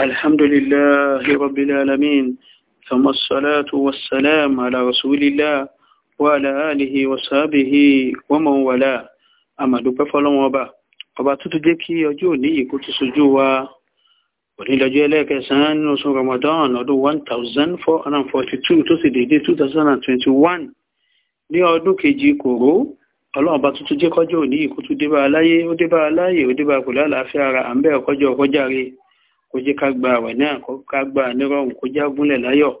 الحمد لله رب العالمين ثم الصلاة والسلام على رسول الله وعلى آله وصحبه ومن والاه أما دوبة فلان وبا أبا tó tó jẹ́ kí ọjọ́ òní yìí kó tó sojú wa onílọ́jọ́ ẹlẹ́ẹ̀kẹsàn-án nínú oṣù Ramadan ọdún 1442 tó sì dédé 2021 ní ọdún kejì kòró ọlọ́run bá tuntun jẹ́ kọjọ́ òní yìí kó tó débà aláyé ó débà aláyé ó débà kò lálàáfíà ara à ń bẹ̀rẹ̀ kọjọ́ ọkọjáre kó jẹ́ ká gba àwẹ̀ náà kó ká gba nírọ̀rùn kó já gúnlẹ̀ láyọ̀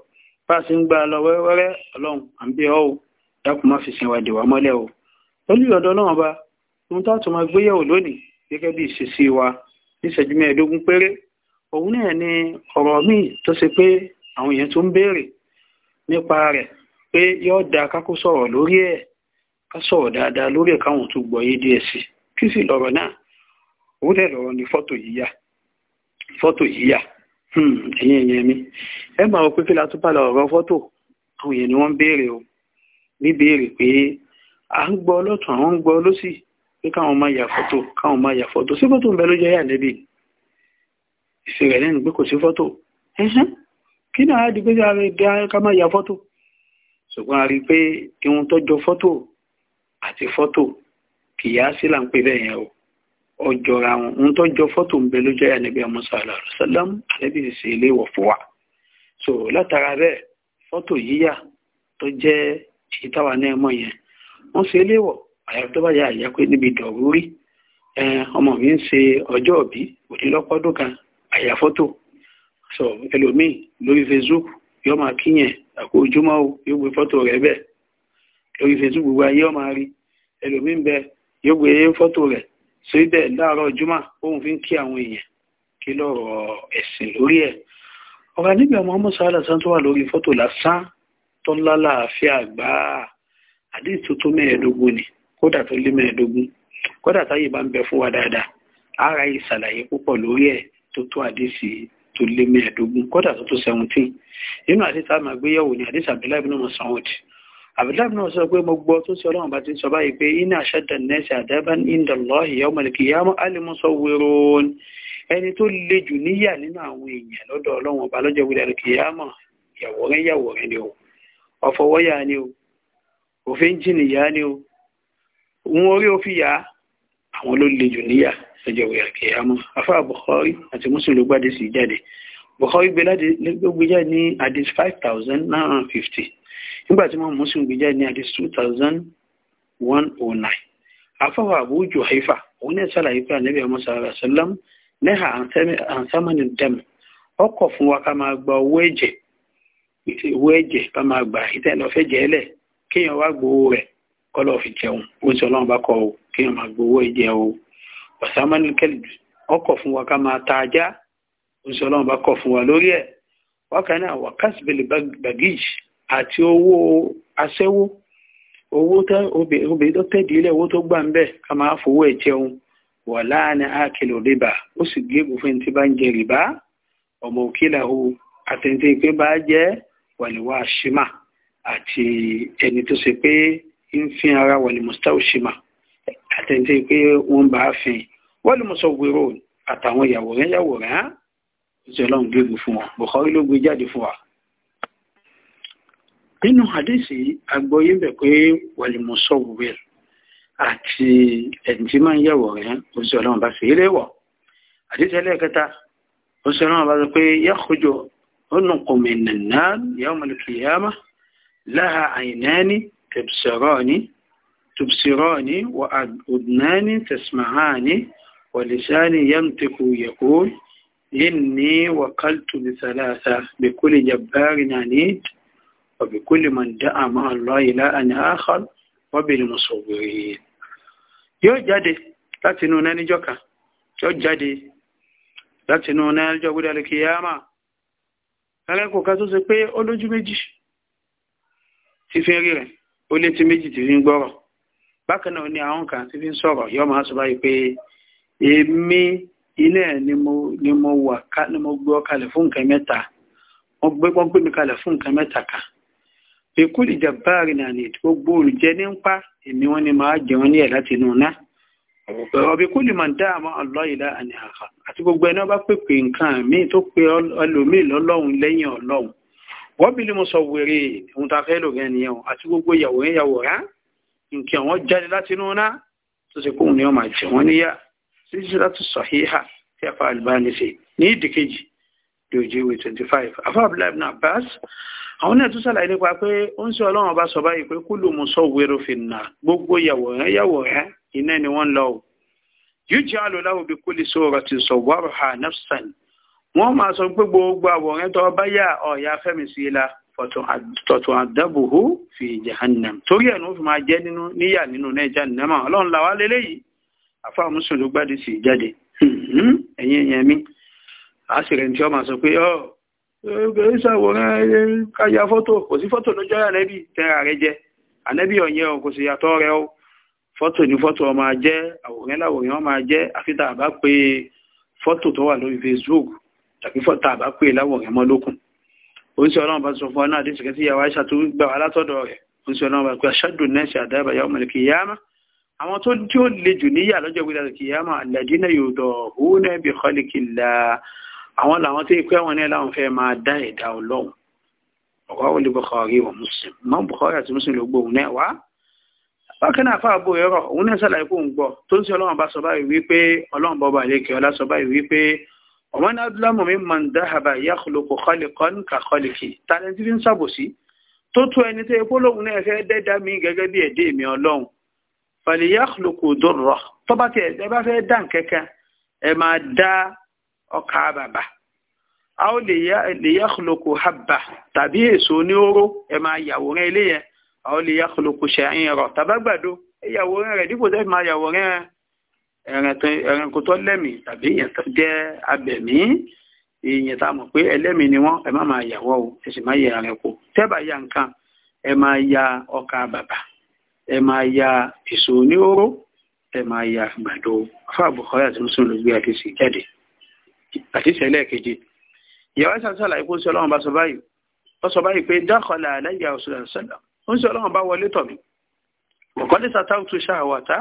bá a sì ń gba lọ wẹ́rẹ́wẹ́rẹ́ ọlọ́run à ń bí ọ́ o dákun má fi sin wa dèwà mọ́lẹ̀ o lórí ọ̀dọ́ náà bá ohun tá a gbéyẹ̀wò lónìí gẹ́gẹ́ bí ìṣesí wa níṣẹ́jú mẹ́ẹ̀ẹ́dógún péré òun náà ni ọ̀rọ̀ míì tó ṣe pé àwọn èèyàn tó ń béèrè nípa rẹ̀ pé yóò da kákó sọ̀rọ̀ lórí ẹ̀ ká sọ̀rọ̀ dáadáa lórí ẹ̀ káwọn tó gbọ́ yé díẹ̀ sí kí sì lọ̀rọ̀ náà òun dẹ̀ lọ̀rọ̀ ni fọ́tò yíyá fọ́tò yíyà ẹ̀yìn ẹ̀yìn mi ẹ máa wọ pé kí la tún bá lọ ọ̀rọ̀ fọ́tò àwọn èèyàn ni wọ́n ń béèrè o ní béèrè pé à ń gbọ́ ọlọ́tún àwọn ń gbọ́ ọlọ́sì pé káwọn máa yà fọ́tò káwọn máa yà fọ́tò sí fọ́tò ń bẹ ló jẹ́ yà níbi ìsìn rẹ̀ lẹ́nu pé kò sí fọ́tò kí náà á di pé ká máa yà fọ́tò ṣùgbọ́n a rí i pé kí wọ́n tọ́jọ fọ́tò àti fọ́tò kìyà sí là ń pè bẹ́ẹ̀ yẹn o ọjọ́ra wọn ohun tó jọ fọ́tò ń bẹ ló jẹ́ ànábì Musa alayhi salam ànábì sì ṣe ilé ìwọ̀fọ̀ wa so látara bẹ́ẹ̀ fọ́tò yíyà tó jẹ́ ìtawà náà mọ̀ yẹn wọ́n ṣe ilé ìwọ̀ àyàfi tó bá yà àyà pé níbi dọ̀rúrí ọmọ mi ń ṣe ọjọ́ òbí òdìlọ́pọ́dún kan àyà fọ́tò so ẹlòmíì lórí Facebook yóò máa kíyàn àpò ojúmọ́ yóò gbé fọ́tò rẹ̀ bẹ́ẹ̀ lórí Facebook gbogbo ayé ọmọ rí ẹlòmíì ń yóò gbé fọ́tò rẹ̀ síbẹ̀ láàárọ̀ jùmọ̀ òun fi ń kí àwọn èèyàn kí lọ́rọ̀ ẹ̀sìn lórí ẹ̀ ọ̀rọ̀ níbi ọmọ ọmọ sàálà sàn tó wà lórí fọ́tò lásán tó ńlá láàfíà gbá àdéhùn tó tó mẹ́ẹ̀ẹ́dógún ni kódà tó lé mẹ́ẹ̀ẹ́dógún kódà táyé bá ń bẹ fún wa dáadáa ara yìí ṣàlàyé púpọ̀ lórí ẹ̀ tó tó àdéhùn tó lé mẹ́ẹ̀ẹ́dógún kódà tó tó seventeen nínú àdéhùn tá a ni àdéhùn àbílẹ̀ ibùdó mọ̀ sàn abdullahi náà sọ pé mo gbọ́ tó sí ọlọ́run bá ti sọ báyìí pé iná àṣẹ́dà nẹ́ẹ̀sì àdábán indallahi yawmal qiyamah al-musawwirun ẹni tó le jù níyà nínú àwọn èèyàn lọ́dọ̀ ọlọ́run ọba lọ́jọ́ ìwúdà kìyàmọ̀ yàwòrán yàwòrán ni o ọ̀fọwọ́yà ni o òfin jìnnìyà ni o òun orí òfin yà á àwọn ló le jù níyà lọ́jọ́ ìwúdà kìyàmọ̀ afá Bukhari àti nígbà tí wọ́n Muslim gbé ní àdìs two thousand one oh nine afọwọ́ Abu Juhaifa òun náà ṣàlàyé pé ànábì ọmọ sàrà lẹ́hà àǹsámánì dẹ́m ọkọ̀ fún wa ká máa gba owó ẹ̀jẹ̀ owó ẹ̀jẹ̀ ká máa gbà ìtẹ́ lọ fẹ́ jẹ́ lẹ̀ kéèyàn wá gbowó rẹ̀ kọ́ lọ́ọ́ fi jẹun ó sọ ọlọ́run bá kọ́ ọ kéèyàn máa gbowó ẹ̀jẹ̀ o ọ̀sámánì kẹ́lìdù ọkọ̀ fún wa ká máa ta ajá ó sọ ọlọ́run bá kọ́ fún wa lórí ẹ̀ wákàtí náà wákàtí bẹ́ẹ̀ àti owó aṣẹ́wó owó obìnrin tó tẹ̀dí ilẹ̀ owó tó gbà ń bẹ̀ ká máa fowó ẹ̀ jẹun wà láàrin àkìlò rìbá ó sì gé ìbùfẹ́ tí bá ń jẹ rìbá ọmọ òkìlà o àtẹ̀ntẹ̀ pé bá jẹ́ wàlíwá ṣìmà àti ẹni tó ṣe pé ń fi ara wàlímùsítà òṣìmà àtẹ̀ntẹ̀ pé wọ́n bá fin wàlímùsọ̀ wérò àtàwọn yàwòrán yàwòrán ó sì ọlọ́run gbé fún wọn Bukhari ló gbé jáde fún wa nínú hadisi agbóyé bẹ̀ pé wàlìmọ̀sọ̀wẹ̀ àti ẹni tí máa ń yẹ̀wò rẹ̀ oṣù ọlọ́run bá fi ilé wọ̀ hadisi ẹlẹ́ẹ̀kẹta oṣù ọlọ́run bá sọ pé yẹ́kọjọ ọ̀nùkùnmí nàná yawmal qiyamah láha àyìnáni tẹ̀bṣẹ̀rọ̀ni tubsirani wa udnani tasma'ani wa lisani yamtiku yaqul inni wakaltu وبكل من دعا مع الله إلها آخر وبالمصورين yóò jáde láti inú náà níjọ́ kan yóò jáde láti inú náà níjọ́ gbọ́dọ̀ lè kíyàmá ẹlẹ́kọ̀ọ́ ká tó ṣe pé ó lójú méjì tí fi ń rí rẹ̀ ó létí méjì tí fi ń gbọ́rọ̀ bákan náà ni àwọn kan tí fi ń sọ̀rọ̀ yóò máa sọ báyìí pé èmi iná ẹ̀ ni mo wà ní mo gbé ọ kalẹ̀ fún nǹkan mẹ́ta wọ́n gbé mi kalẹ̀ fún nǹkan mẹ́ta kan èkó lè jà báàrin náà ní gbogbo olùjẹ ní ń pa èmi wọn ni màá jẹun ní ẹ̀ láti inú náà ọ̀bí kó lè máa dáàmú ọlọ́ìlá àní àhà àti gbogbo ẹni ọba pèpè nǹkan míì tó pe ẹlòmíì lọ́lọ́run lẹ́yìn ọlọ́run wọ́n bí lè mo sọ wèrè ohun tá a fẹ́ lò gẹ́ nìyẹn o àti gbogbo ìyàwó yẹn yàwó rá nǹkan àwọn jáde láti inú náà tó ṣe kóhun ni wọ́n máa jẹ wọ́n níyà sísí láti sọ híhà tí fa àlùbánisè twenty five afa abdullahi ibn àwọn náà tún ṣàlàyé nípa pé ó ń ṣe ọlọ́run ọba sọ báyìí pé kullu musawwiru finnar gbogbo yàwòrán yàwòrán iná ni wọ́n lọ yuj'alu lahu bi kulli suratin sawwaraha nafsan wọ́n máa sọ pé gbogbo àwòrán tó bá yà ọ̀yà fẹ́mi sí i la tọ̀tún àdábòhó fi jahannam torí ẹ̀ ní ó fi máa jẹ́ nínú níyà nínú náà jahannam ọlọ́run làwa lélẹ́yìí àfáà ló gbádùn sí jáde hmm, hmm, ẹ̀yin ẹ̀yàn máa sọ pé ọ́ ẹgbẹ̀rún ṣàwòrán ẹyẹ káyà fọ́tò kò sí fọ́tò ló jẹ́ ànẹ́bì tẹ́ra rẹ jẹ ànẹ́bì ọ̀yẹ́ o kò sì yàtọ̀ rẹ o fọ́tò ní fọ́tò ọmọ ajẹ́ àwòrán láwòrán ọmọ ajẹ́ àfità àbá pé fọ́tò tó wà lórí Facebook tàbí fọ́tò àbá pé láwòrán mọ́ lókun oríṣi ọlọ́run bá sọ fún ọ náà àdéṣe kẹsí ìyàwó aṣa tó gbà wá látọ̀dọ̀ rẹ̀ oríṣi ọlọ́run bá pé aṣáájú nẹ́ẹ̀sì àdáyébá yàwó mọ̀lẹ́ kì í yáàmá àwọn tó tí ó le jù níyà lọ́jọ́ gbé dàdí kì í yáàmá àlàdínà yòòdọ̀ òun náà bí kọ́lì kìlá àwọn làwọn tó ikú ẹ̀wọ̀n náà láwọn fẹ́ máa dá ẹ̀dá ọlọ́run ọ̀wá ò lè Bukhari wa Muslim mọ́ Bukhari àti Muslim ló gbóhùn náà wá bákan náà fáwọn àbúrò ẹ̀rọ òun náà sàlàyé kó ń gbọ́ tó ń sọ ọlọ́run bá sọ báyìí wípé ọlọ́run bọ́ba àlékè ọlá sọ báyìí wípé ọmọ náà dúlámù mi mọ̀ ń dáhàbà yakhluqu khaliqan ka khaliqi tàlẹ́ntì fi ń sàbòsí tó tó ẹni tó epo lóhun náà fẹ́ dẹ́dá mi gẹ́gẹ́ bí ẹ̀dẹ́ mi ọlọ́run fal yakhluqu durra tó bá ẹ bá fẹ́ dá nkẹ́kẹ́ ẹ máa dá ọkà bàbà a ó lè yẹ kòlòkò haba tàbí èso ní oró ẹ máa yàwòrán ilé yẹn a ó lè yẹ kòlòkò ṣẹ̀yìn rọ̀ tàbágbàdo ẹ yàwòrán rẹ̀ dípò tẹ́ máa yàwòrán ẹranko tó lẹ́mìí tàbí ìyẹn tó jẹ́ abẹ̀mí ìyẹn tá a mọ̀ pé ẹlẹ́mìí ni wọ́n ẹ má máa yàwọ́ o ẹ sì má yẹ ẹranko tẹ́ bá ya nǹkan ẹ máa ya ọkà ẹ máa ya èso ní ẹ máa ya àgbàdo fáàbù kọ́yà tí mo sún lọ gbé àfẹ́sì jáde àdìsí ẹlẹ́ẹ̀keje ìyàwó ẹ̀sán sàlàyé kó sí ọlọ́run bá sọ báyìí ó sọ báyìí pé dákọ̀lá aláìyá òṣèlú sọ̀lá ó ń sọ ọlọ́run bá wọlé tọ̀ mí ọ̀kọ́lé sàtàwùtù ṣàwàtà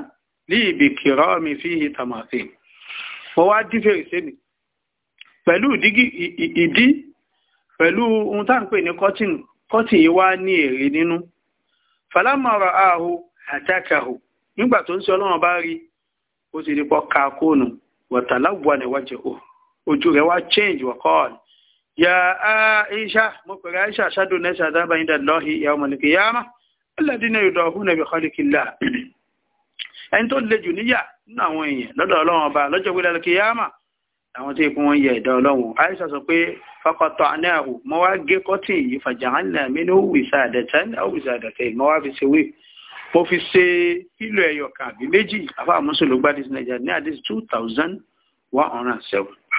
ní ibi kìrọ́ mi fi hi tàmàfẹ́ mo wá dí fèrèsé mi pẹ̀lú ìdí pẹ̀lú ohun tá à ń pè ní kọ́tìn kọ́tìn yìí wá ní èrè nínú falámọ̀rọ̀ ààhù àtàkàhù nígbà tó ń sọ ọlọ́run bá rí ó ti di pọ́ ká kóònù wọ̀tàláwọ̀ ojú rẹ̀ wá change wọ̀ kọ́ọ̀l ya aisha mo pẹ̀rẹ̀ aisha ṣáàdù náà ṣàdábà yín dàlọ́hì ìyá ọmọ nìkì yá má aládínà ìdọ̀ ọ̀hún nàbì kọ́lìkìlá ẹni tó le jù níyà nínú àwọn èèyàn lọ́dọ̀ ọlọ́run ọba lọ́jọ́ pé dàlọ́kì yá má àwọn tí ikú wọn yẹ ẹ̀dá ọlọ́run aisha sọ pé fakọtọ anáàhù mo wá gé kọ́tìn yìí fàjàhánà mi ní òwìsà àdẹ̀tẹ́ ní òwìsà àdẹ̀tẹ́ mo wá fi ṣe wíì mo fi two thousand one hundred seven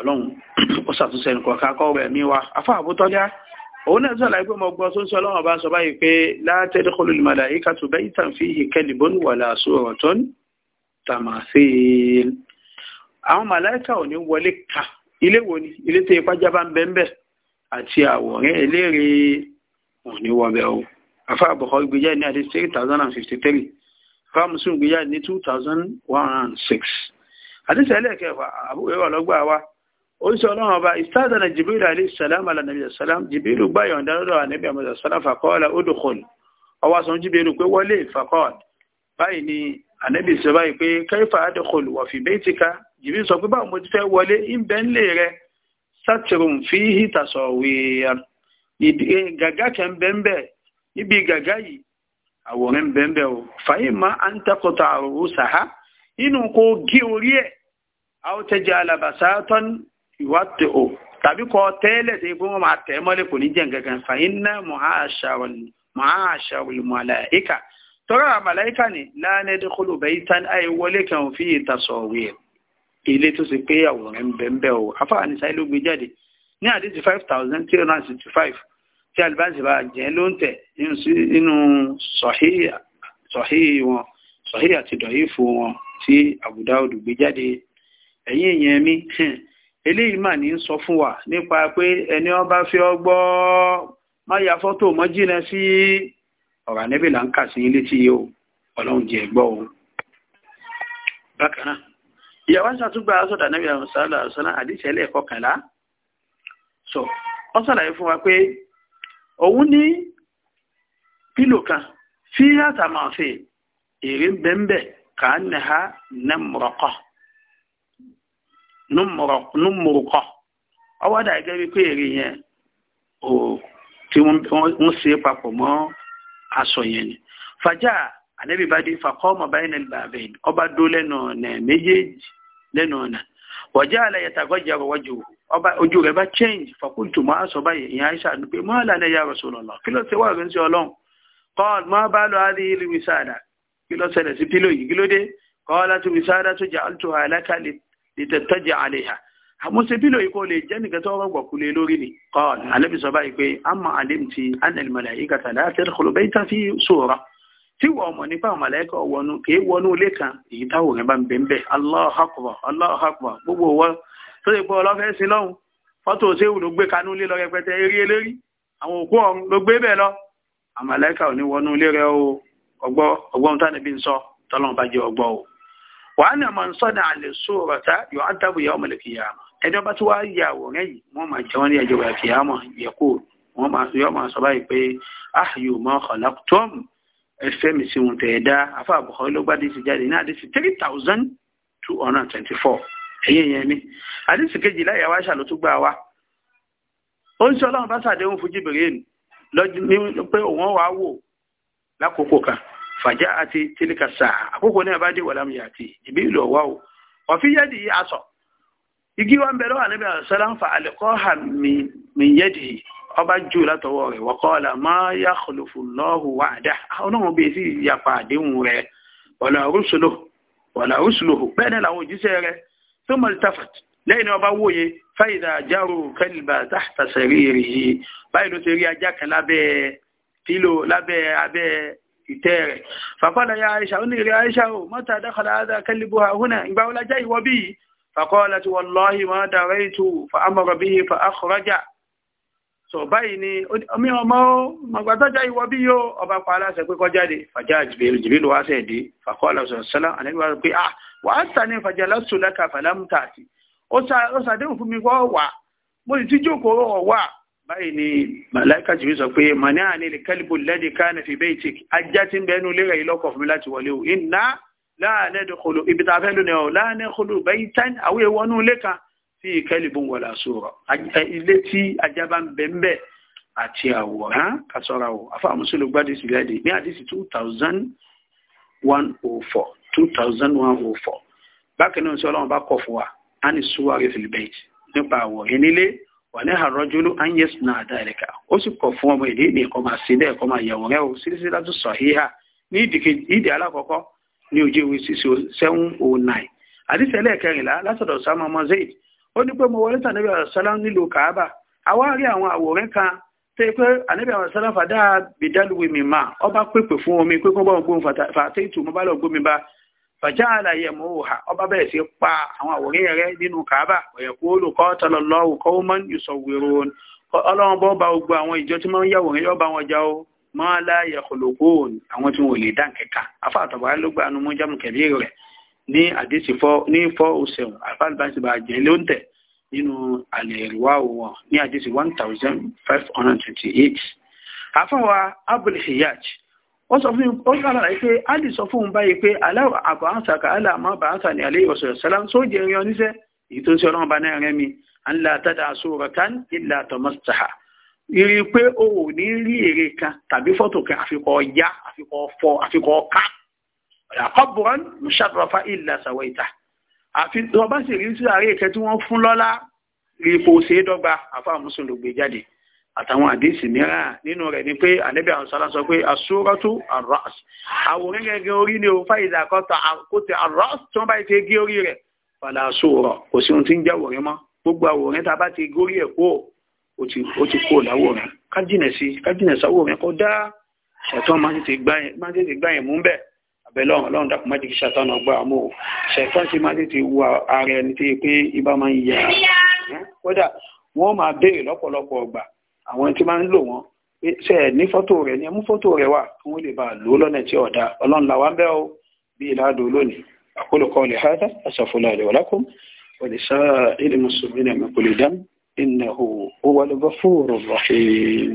ọlọ́run ó ṣàtúnṣe nǹkan kakọ́ rẹ̀ mi wa afá àbútọ́já òun náà sọ̀rọ̀ pé mo gbọ́ sóńsọ ọlọ́run ọba sọ báyìí pé látẹ́dẹ́ kọlu lùmọ̀lá yìí ká tó bẹ́yìí tàn fi ìkẹlì bọ́nù wà láàṣọ ọ̀rọ̀ tó ń tàmà sí i. àwọn màláìka ò ní wọlé ka ilé wo ni ilé tó ipá jábá ń bẹ́ńbẹ́ àti àwòrán eléré ò ní wọbẹ̀ o afá àbùkọ́ gbéjáde ní àti three thousand and fifty three fáàmùsùn gbéjáde ní two thousand one hundred and six àti sẹ́lẹ̀ kẹfà àbúrò ọlọ́gbà wa oríṣi ọlọ́run ọba ìsádàna jibril alayhi salam alanabi salam jibril gba yọ̀ǹda lọ́dọ̀ anabi amadu salam fakọ́ọ̀lá odòkòlù ọwọ́ sọ jibril pé wọlé fakọ́ọ̀l báyìí ni anabi sọ báyìí pé kaifa adòkòlù wà fi baitika jibril sọ pé báwo mo ti fẹ́ wọlé ìbẹ́ ńlẹ̀ rẹ sátìrùn fi hìtà sọ wíyà gàgá kẹ́ ń bẹ́ńbẹ́ níbi gàgá yìí àwòrán bẹ́ńbẹ́ o fàyè má à ìwádìí o tàbí kọ tẹ́lẹ̀ tí gbogbo máa tẹ̀ mọ́lẹ̀ kò ní jẹ́ gangan fàyín náà mọ̀ á ṣàwìlì mọ̀ àlàyéka tọ́rọ àmàlàíkà ní láàrín ẹdẹ́kọlù bẹ̀yí tán àyè wọlé kan fi ìtasọ̀ rí ẹ̀ ilé tó sì pé àwòrán ń bẹ̀ ń bẹ̀ o afáà ní sáyé ló gbé jáde ní àdíjì five thousand three hundred and sixty five tí alibasi bá jẹ́ ló ń tẹ̀ nínú sọ̀hí wọn sọ̀hí àti dọ̀yí fún wọn tí Abu Dawud gbé jáde ẹ̀yìn èèyàn mi eléyìí mà ní sọ fún wa nípa pé ẹni ó bá fi ọgbọ́ má ya fọ́tò mọ́ jìnà sí ọ̀rọ̀ ànẹ́bì là ń kà sí létí yìí o ọlọ́run jẹ́ gbọ́ o bákan náà ìyàwó ṣàtúgbà sọ̀dà ànẹ́bì àwọn sàálà sọ́nà àdìsẹ́ sọ ọ sàlàyé fún wa pé òun ní pílò kan fi àtàmàfẹ́ èrè bẹ́ńbẹ́ kà á nà ha nà mọ̀rọ̀kọ̀ númùrùkọ ọwọ́ dà gẹ́gẹ́ bí pé èrè o ò tí wọ́n ṣe papọ̀ mọ́ aṣọ yẹn ni fàjà ànábì bá dé fàkọ́ ọmọ báyìí nà bàbá yìí ọba dó lẹ́nu ọ̀nà méjèèjì lẹ́nu ọ̀nà wọ̀já àlàyẹ̀tàgọ́ jẹ́ ọ̀wọ́jò ọba ojú rẹ̀ bá change fàkúntù mọ́ aṣọ báyìí ìyẹn àìsàn ni pé mọ́ àlàyé ya Rasulullah kí ló ti wà rẹ̀ ń ṣe ọlọ́run kọ́ mọ́ bá lọ á rí ìlú wisada kí ló ṣẹlẹ̀ sí pílò yìí kí ló dé kọ́ látú wisada tó jà altu àlákàlẹ̀ ìtẹ̀tẹ̀jẹ̀ àlehà àmúṣebílò yìí kò lè jẹ́ nìkan tó rọ̀gbọ̀ kú lé lórí ni. qal anabi sọ báyìí pé amma alimti anna al-malaikata la tadkhulu baytan fi sura tí wọ́n mọ̀ nípa màláìkà wọnú kìí wọnú ilé kan èyí táwọn yẹn bá ń bẹ̀ ń bẹ̀ Allahu akbar Allahu akbar gbogbo wọn tó lè gbọ́ ọlọ́fẹ́ sí lọ́hùn fọ́tò ṣéwù ló kanú ilé lọ wàá nà máa ń sọ́dà àlè sóòrọ̀ tá yọ á dábò yà ọmọlẹ̀ kìyàmà ẹjọ́ bá tí wàá yà àwòrán yìí wọ́n máa jẹ́ wọ́n ní ẹjọ́ kìyàmà yẹ kó wọ́n máa yọ máa sọ báyìí pé ah yóò máa kọ̀lá tọ́m ẹfẹ́ mi sí wọn tẹ̀ ẹ̀ dá afọ àbùkọ́ ló gbá sí jáde ní àdísì three thousand two hundred and twenty four ẹ̀yìn yẹn mi àdísì kejì láyà wá ṣàlótú gbà wá ó ń sọ fàjá àti tílíkà sáà àkókò náà bá dé wà lámìyà àti ìbí ìlú ọ̀wá o ọ̀fi yẹ́dì yìí aṣọ igi wa ń bẹ̀rẹ̀ wà níbi àṣọlá ń fa àlẹ́kọ́ hà mí yẹ́dì yìí ọba jù látọwọ́ rẹ̀ wọ́kọ́ọ̀lá máa yá kọlùfù lọ́hùn wà dá ọlọ́run bèè sí ìyapa àdéhùn rẹ̀ wọ̀là rúṣùlò wọ̀là rúṣùlò bẹ́ẹ̀ náà làwọn òjíṣẹ́ rẹ̀ tó mọ̀lítàfàt lẹ́yìn ọba wòye fáyidà járò kẹlìbà tàṣàṣẹ̀rí rèé báyìí ló ti rí ajá kan lábẹ́ ìtẹ́ rẹ̀ fàkọ́lá ya aisha ó ní ìrẹ́ aisha ó mọ́ta dákàlá ádá kẹ́lìbù àhúnà ìgbà wọlá jẹ́ ìwọ bí fàkọ́lá ti wallahi ma daraitu fa amara bihi fa akhraja so báyìí ni omi ọmọ ó mọ̀gbàtọ́jà ìwọ bí yóò ọba pa aláṣẹ pé kó jáde fàjá jìbìlì jìbìlì wá sẹ̀ dé fàkọ́lá sọ̀sọ́lá àníwá pé ah wàá sani fàjà lásùlákà fàlámùtà sí ó sàdéhùn fún mi kọ́ wà mo sì ti jókòó ọ̀wà báyìí ni màláìka jìbí sọ pé màní àní lè kálíbù lẹ́dí káàní fi bẹ́ẹ̀ tì ajá tí ń bẹ nínú ilé rẹ̀ yìí lọ́kọ̀ fún mi láti wọlé o iná láàánú ẹ̀dọ́kọlù ibi tá a fẹ́ lónìí ọ̀ láàánú ẹ̀kọlù bẹ́ẹ̀ tán àwọn èèwọ̀ nínú ilé kan tí kálíbù wọlé àsòrọ̀ ilé tí ajá bá ń bẹ ń bẹ àti àwòrán kásọ̀ra o afa àmúṣe ló gbádùn lẹ́dí ní àdìsí two thousand one oh four two thousand one oh four bákan náà sọ wàlẹ́ àrọ́júlú anyes náà dáríkà ó sì kọ̀ fún ọmọ ìdí ní ẹ̀kọ́ máa sí bẹ́ẹ̀ ẹ̀kọ́ máa o sírísí láti sọ híhà ní ìdí ní ojú ìwé sísè seven oh nine kẹrìnlá ọmọ ó ní pé mo wọlé tàn níbi àṣálá nílùú kàábà àwa àwọn àwòrán kan tó yẹ pé àníbi àwọn fàdá bìdálùwì mi ọba pèpè fún omi pé kó bá wọn gbóhùn fàtẹ́tù mo bá lọ fàjáàlà yẹmọ́wòhà ọba bẹ́ẹ̀ sí pa àwọn àwòrán rẹ̀ nínú kàábà ọ̀yẹ̀kú olùkọ́ tọlọlọ́wù kọ́wọ́mọ́n ìsọ̀wérò ọlọ́run bọ́ bá ogun àwọn ìjọ tí wọ́n ń yàwòrán yọ́ bá wọn já o mọ́ aláyẹ̀ kòlòkóòn àwọn tí wọn ò lè dá nkẹ́ka afa àtọ̀bọ̀rá ló gba àánú mọ́jámù kẹ̀lé rẹ̀ ní àdìsí ní fọ́ òsèwọ̀n àfàlùbáṣibà jẹ́ ló ń tẹ̀ nínú àlẹ́ ìrìwá wọn ní àdìsí one thousand five hundred twenty eight àfọwà abul wọ́n sọ fún ó sára pé alì sọ fún báyìí pé aláwọ̀ àbáhànsà ká aláàmọ́ àbáhànsà ní alẹ́ ìwọ̀sọ̀ sẹ́lá tó jẹ́ rí ọ́níṣẹ́ èyí tó ń ṣe ọlọ́run bá náà rẹ́ mi tàdá sóra kan ìlà tọmọ́sítàá rí pé o ò ní rí èrè kan tàbí fọ́tò kan àfikọ́ ya àfikọ́ fọ́ àfikọ́ ká àkọ́bùrán ṣàtọ̀fà ìlà sàwọ̀ ìta àfi tó bá sì rí sí àárẹ̀ kẹ tí wọ́n fún lọ́lá rí ipò ṣe é dọ́gba àfáà mùsùlùmí jáde àtàwọn àdísì mìíràn nínú rẹ̀ ni pé ànábì àwọn sọ́lá sọ pé asúrọ́tù arras àwòrán gẹ́gẹ́ orí ni o fàyídà kọ́ta àkótẹ arras tí wọ́n bá ti gé orí rẹ̀ fàlà asúrọ̀ kò sí ohun tí ń jẹ́ àwòrán mọ́ gbogbo àwòrán tá a bá ti gé orí ẹ̀ kó o ti kó láwòrán kájìnà sí kájìnà sáwòrán kó dá ṣẹ̀tọ́ máa tètè gbá yẹn mú bẹ́ẹ̀ abẹ́lọ́ ọlọ́run dàpọ̀ má jẹ́ ṣàtọ́nà ọgbà àmọ́ ṣẹ̀tọ́ sí má tètè wo ara ẹni tí pé ibà máa ń ya kódà wọ́n máa béèrè lọ́pọ̀lọpọ̀ ọgbà àwọn tí máa ń lò wọ́n ṣe ẹ̀ ní fọ́tò rẹ̀ ni ẹ mú fọ́tò rẹ̀ wá kí wọ́n lè bá a lò ó lọ́nà tí ọ̀dà ọlọ́run làwọn bẹ́ẹ̀ o bí ìlàdó lónìí àkólò kan lè hádà àṣàfùlà rẹ̀ wọ́lákùn ọ̀lẹ́sà ilé mùsùlùmí náà mẹ́kùlẹ̀ dán innahu huwal ghafurur rahim.